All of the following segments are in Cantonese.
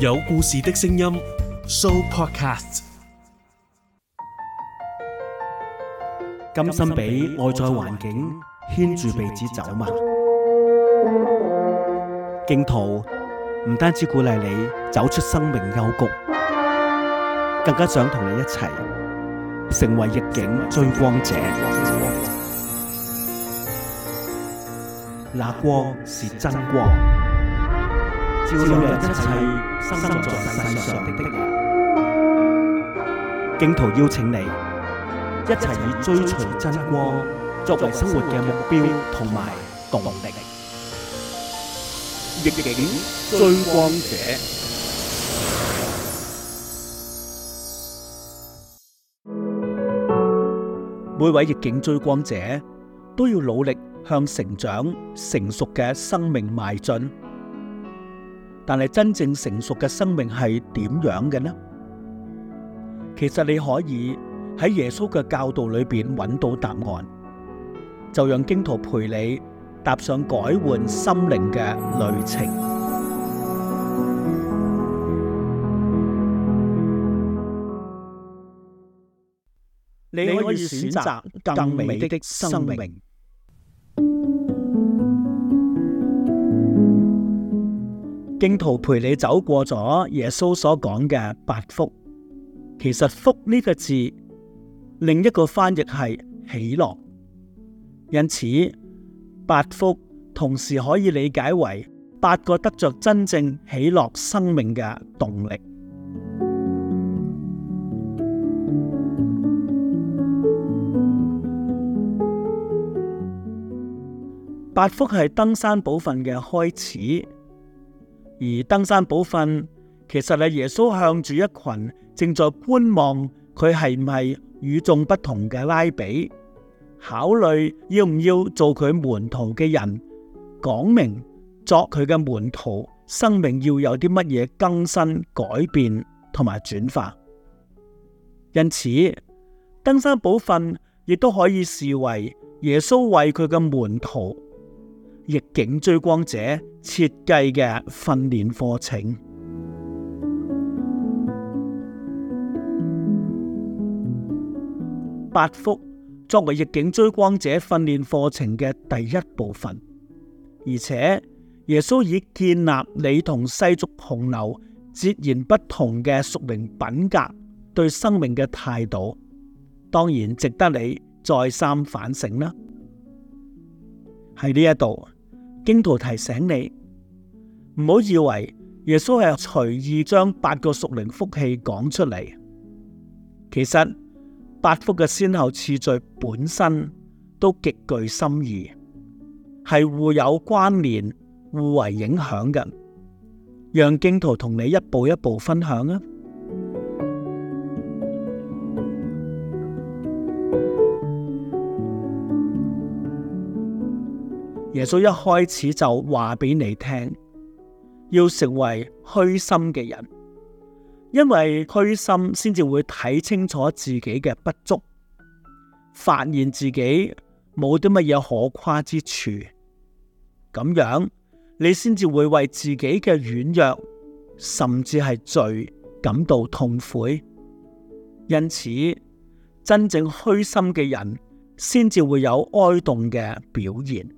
有故事的聲音，Sooopodcast。甘心俾外在環境牽住鼻子走嗎？荊徒唔單止鼓勵你走出生命幽谷，更加想同你一齊成為逆境追光者。那光是真光。照亮一切生在世上的的人，荊徒邀請你一齊以追隨真光作為生活嘅目標同埋動力。逆境追光者，每位逆境追光者都要努力向成長成熟嘅生命邁進。但係真正成熟嘅生命係點樣嘅呢？其實你可以喺耶穌嘅教導裏邊揾到答案，就讓荊徒陪你踏上改換心靈嘅旅程。你可以選擇更美的生命。荊徒陪你走過咗耶穌所講嘅八福，其實福呢個字，另一個翻譯係喜樂，因此八福同時可以理解為八個得着真正喜樂生命嘅動力。八福係登山寶訓嘅開始。而登山寶訓其實係耶穌向住一群正在觀望佢係唔係與眾不同嘅拉比，考慮要唔要做佢門徒嘅人，講明作佢嘅門徒，生命要有啲乜嘢更新、改變同埋轉化。因此，登山寶訓亦都可以視為耶穌為佢嘅門徒，逆境追光者設計嘅訓練課程，八福作為逆境追光者訓練課程嘅第一部分，而且耶穌已建立你同世俗洪流截然不同嘅屬靈品格對生命嘅態度，當然值得你再三反省啦。喺呢一度。荊徒提醒你，唔好以為耶穌係隨意將八個屬靈福氣講出嚟，其實八福嘅先後次序本身都極具深意，係互有關聯、互為影響嘅，讓荊徒同你一步一步分享啊！耶穌一開始就話俾你聽，要成為虛心嘅人，因為虛心先至會睇清楚自己嘅不足，發現自己冇啲乜嘢可誇之處，咁樣你先至會為自己嘅軟弱，甚至係罪感到痛悔。因此，真正虛心嘅人先至會有哀慟嘅表現。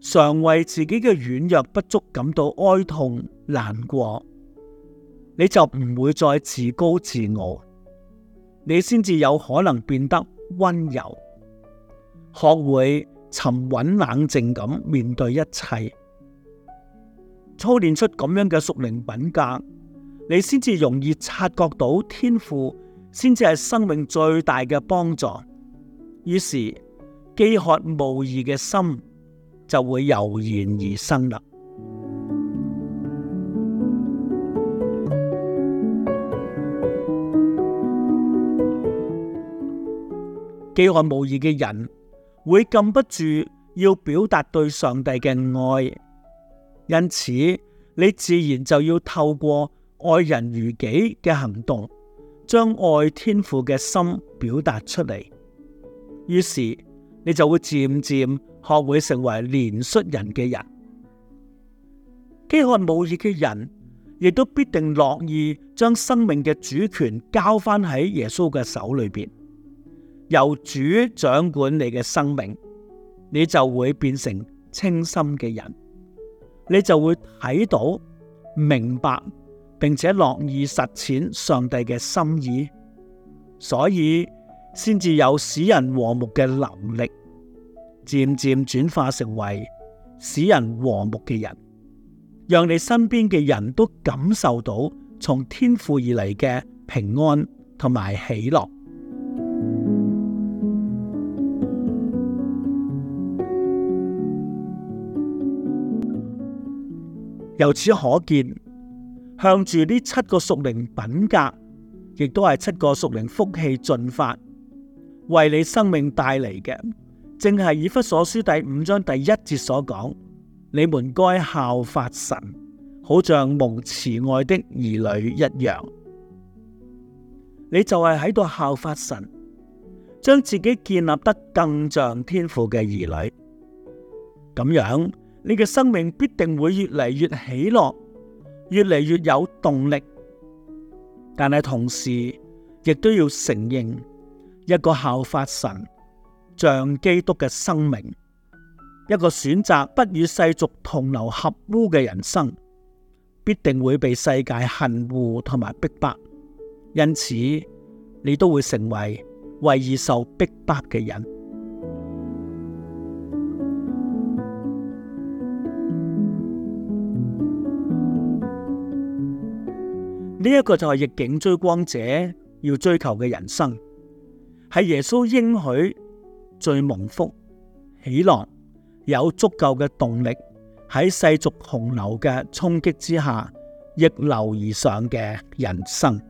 常為自己嘅軟弱不足感到哀痛難過，你就唔會再自高自傲，你先至有可能變得温柔，學會沉穩冷靜咁面對一切，操練出咁樣嘅屬靈品格，你先至容易察覺到天父，先至係生命最大嘅幫助。於是饑渴慕義嘅心。就會油然而生啦。飢寒無衣嘅人會禁不住要表達對上帝嘅愛，因此你自然就要透過愛人如己嘅行動，將愛天父嘅心表達出嚟。於是你就會漸漸。學會成為憐恤人嘅人，飢渴慕義嘅人，亦都必定樂意將生命嘅主權交翻喺耶穌嘅手裏邊，由主掌管你嘅生命，你就會變成清心嘅人，你就會睇到、明白並且樂意實踐上帝嘅心意，所以先至有使人和睦嘅能力。漸漸轉化成為使人和睦嘅人，讓你身邊嘅人都感受到從天父而嚟嘅平安同埋喜樂。由此可見，向住呢七個屬靈品格，亦都係七個屬靈福氣進發，為你生命帶嚟嘅。正係以弗所書第五章第一節所講，你們該效法神，好像蒙慈愛的兒女一樣。你就係喺度效法神，將自己建立得更像天父嘅兒女。咁樣，你嘅生命必定會越嚟越喜樂，越嚟越有動力。但係同時，亦都要承認一個效法神。像基督嘅生命，一個選擇不與世俗同流合污嘅人生，必定會被世界恨惡同埋逼迫，因此你都會成為為義受逼迫嘅人。呢一個就係逆境追光者要追求嘅人生，係耶穌應許。最蒙福、喜樂、有足夠嘅動力，喺世俗洪流嘅衝擊之下逆流而上嘅人生。